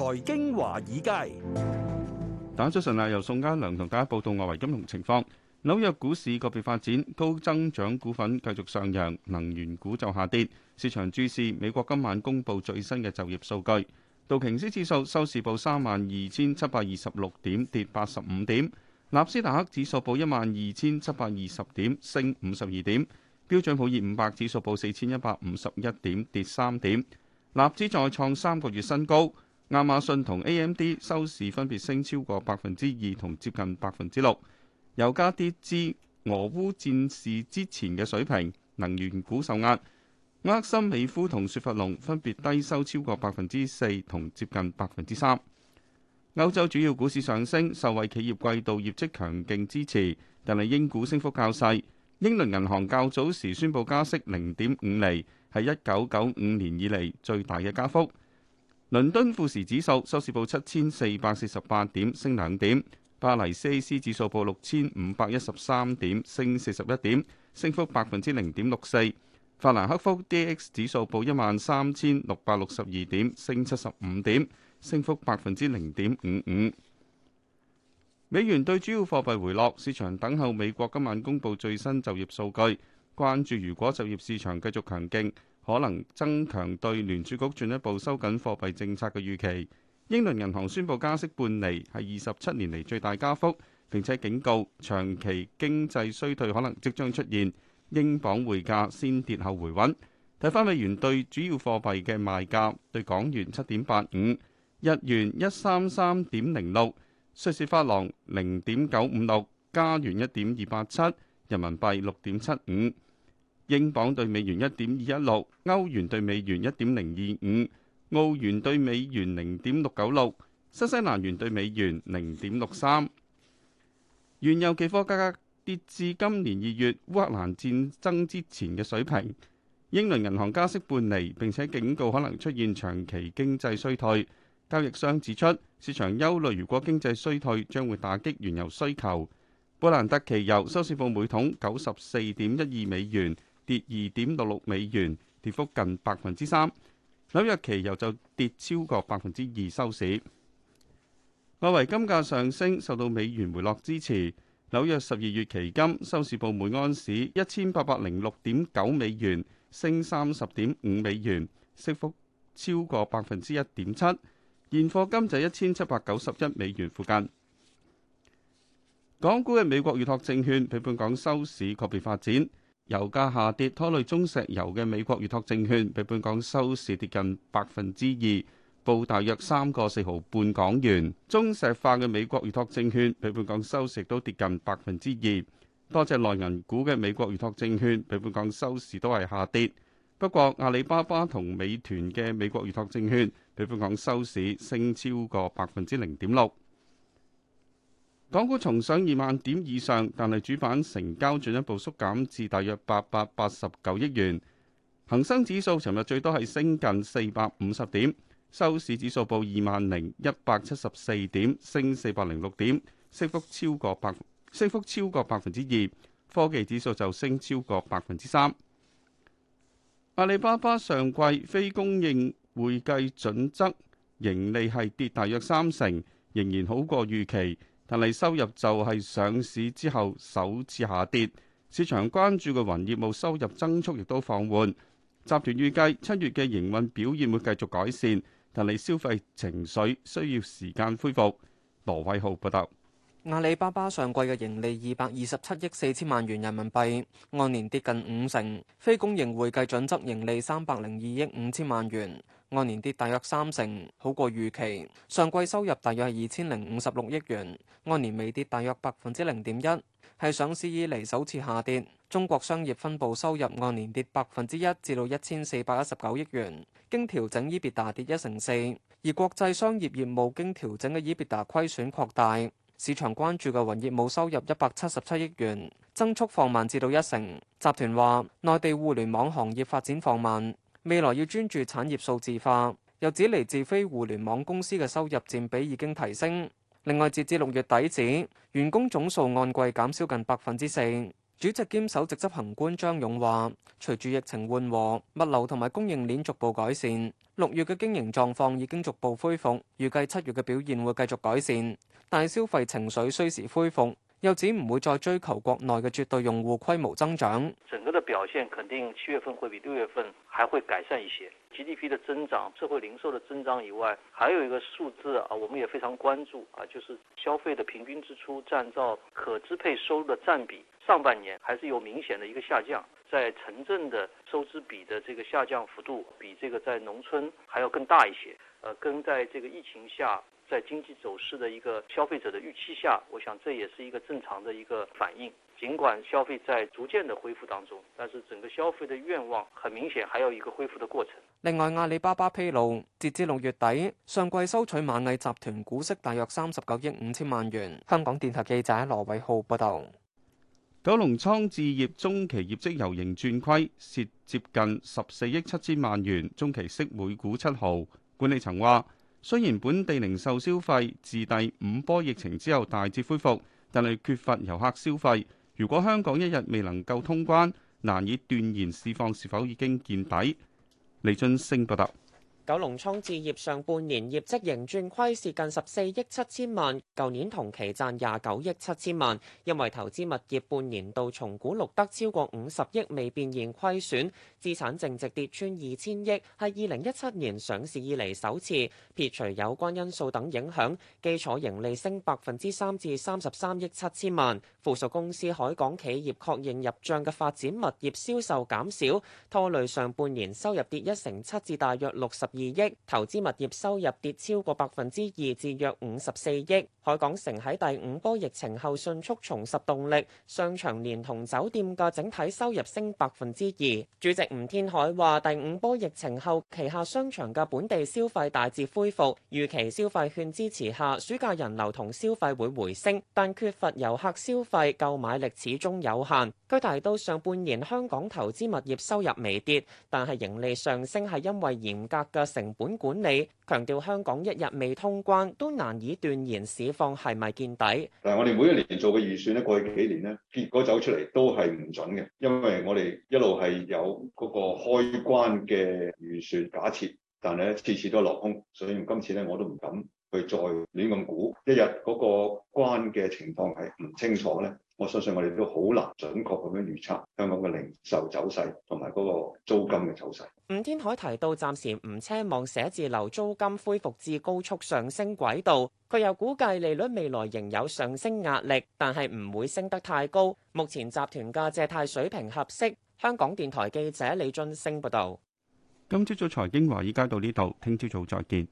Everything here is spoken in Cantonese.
財經華爾街，打咗陣啦。由宋家良同大家報道外圍金融情況。紐約股市個別發展，高增長股份繼續上揚，能源股就下跌。市場注視美國今晚公布最新嘅就業數據。道瓊斯指數收市報三萬二千七百二十六點，跌八十五點。納斯達克指數報一萬二千七百二十點，升五十二點。標準普爾五百指數報四千一百五十一點，跌三點。納指再創三個月新高。亞馬遜同 AMD 收市分別升超過百分之二同接近百分之六，油價跌至俄烏戰事之前嘅水平。能源股受壓，厄森美孚同雪佛龍分別低收超過百分之四同接近百分之三。歐洲主要股市上升，受惠企業季度業績強勁支持，但係英股升幅較細。英倫銀行較早時宣布加息零點五厘，係一九九五年以嚟最大嘅加幅。倫敦富時指數收市報七千四百四十八點，升兩點；巴黎 CAC 指數報六千五百一十三點，升四十一點，升幅百分之零點六四；法蘭克福 DAX 指數報一萬三千六百六十二點，升七十五點，升幅百分之零點五五。美元兌主要貨幣回落，市場等候美國今晚公布最新就業數據，關注如果就業市場繼續強勁，可能增強對聯儲局進一步收緊貨幣政策嘅預期。英倫銀行宣布加息半釐，係二十七年嚟最大加幅，並且警告長期經濟衰退可能即將出現。英鎊匯價先跌後回穩。睇翻美元兌主要貨幣嘅賣價，對港元七點八五，日元一三三點零六，瑞士法郎零點九五六，加元一點二八七，人民幣六點七五。英鎊兌美元一點二一六，歐元兌美元一點零二五，澳元兌美元零點六九六，新西蘭元兌美元零點六三。原油期貨價格跌至今年二月烏克蘭戰爭之前嘅水平。英倫銀行加息半釐，並且警告可能出現長期經濟衰退。交易商指出，市場憂慮如果經濟衰退將會打擊原油需求。布蘭特期油收市報每桶九十四點一二美元。跌二點六六美元，跌幅近百分之三。紐約期油就跌超過百分之二收市。外圍金價上升，受到美元回落支持。紐約十二月期金收市報每安士一千八百零六點九美元，升三十點五美元，升幅超過百分之一點七。現貨金就一千七百九十一美元附近。港股嘅美國預託證券比本港收市個別發展。油價下跌拖累中石油嘅美國預託證券，比本港收市跌近百分之二，報大約三個四毫半港元。中石化嘅美國預託證券，比本、託證券比本港收市都跌近百分之二。多隻內銀股嘅美國預託證券比本港收市都係下跌。不過阿里巴巴同美團嘅美國預託證券比本港收市升超過百分之零點六。港股重上二萬點以上，但係主板成交進一步縮減至大約八百八十九億元。恒生指數尋日最多係升近四百五十點，收市指數報二萬零一百七十四點，升四百零六點，升幅超過百，升幅超過百分之二。科技指數就升超過百分之三。阿里巴巴上季非公認會計準則盈利係跌大約三成，仍然好過預期。但係收入就係上市之後首次下跌，市場關注嘅雲業務收入增速亦都放緩。集團預計七月嘅營運表現會繼續改善，但係消費情緒需要時間恢復。羅偉浩報導。阿里巴巴上季嘅盈利二百二十七億四千萬元人民幣，按年跌近五成。非公認會計準則盈利三百零二億五千萬元。按年跌大約三成，好過預期。上季收入大約係二千零五十六億元，按年微跌大約百分之零點一，係上市以來首次下跌。中國商業分部收入按年跌百分之一至到一千四百一十九億元，經調整伊比達跌一成四。而國際商業業務經調整嘅伊別達虧損擴大。市場關注嘅雲業務收入一百七十七億元，增速放慢至到一成。集團話內地互聯網行業發展放慢。未來要專注產業數字化，又指嚟自非互聯網公司嘅收入佔比已經提升。另外，截至六月底止，員工總數按季減少近百分之四。主席兼首席執行官張勇話，隨住疫情緩和，物流同埋供應鏈逐步改善，六月嘅經營狀況已經逐步恢復，預計七月嘅表現會繼續改善。但消費情緒需時恢復。又怎唔會再追求國內嘅絕對用戶規模增長，整個的表現肯定七月份會比六月份還會改善一些。GDP 的增長、社會零售的增長以外，還有一個數字啊，我們也非常關注啊，就是消費的平均支出佔到可支配收入的佔比，上半年還是有明顯的一個下降，在城鎮的收支比的這個下降幅度比這個在農村還要更大一些。呃，跟在這個疫情下。在經濟走勢的一個消費者的預期下，我想這也是一個正常的一個反應。儘管消費在逐漸的恢復當中，但是整個消費的願望很明顯，還有一個恢復的過程。另外，阿里巴巴披露，截至六月底，上季收取螞蟻集團股息大約三十九億五千萬元。香港電台記者羅偉浩報道。九龍倉置業中期業績由盈轉虧，蝕接近十四億七千萬元，中期息每股七毫。管理層話：雖然本地零售消費自第五波疫情之後大致恢復，但係缺乏遊客消費。如果香港一日未能夠通關，難以斷言市況是否已經見底。李俊升報道。九龍倉置業上半年業績盈轉虧，蝕近十四億七千萬，舊年同期賺廿九億七千萬。因為投資物業半年度重估錄得超過五十億未變現虧損，資產淨值跌穿二千億，係二零一七年上市以嚟首次。撇除有關因素等影響，基礎盈利升百分之三至三十三億七千萬。附屬公司海港企業確認入賬嘅發展物業銷售減少，拖累上半年收入跌一成七至大約六十億。二億投資物業收入跌超過百分之二，至約五十四億。海港城喺第五波疫情後迅速重拾動力，商場連同酒店嘅整體收入升百分之二。主席吳天海話：第五波疫情後，旗下商場嘅本地消費大致恢復，預期消費券支持下，暑假人流同消費會回升，但缺乏遊客消費，購買力始終有限。佢提到上半年香港投資物業收入微跌，但係盈利上升係因為嚴格嘅。成本管理，強調香港一日未通關，都難以斷言市況係咪見底。但係我哋每一年做嘅預算咧，過去幾年咧，結果走出嚟都係唔準嘅，因為我哋一路係有嗰個開關嘅預算假設，但係咧次次都落空，所以今次咧我都唔敢。佢再亂咁估，一日嗰個關嘅情況係唔清楚呢，我相信我哋都好難準確咁樣預測香港嘅零售走勢同埋嗰個租金嘅走勢。吳天海提到，暫時唔奢望寫字樓租金恢復至高速上升軌道。佢又估計利率未來仍有上升壓力，但係唔會升得太高。目前集團嘅借貸水平合適。香港電台記者李俊升報道。今朝早財經華爾街到呢度，聽朝早再見。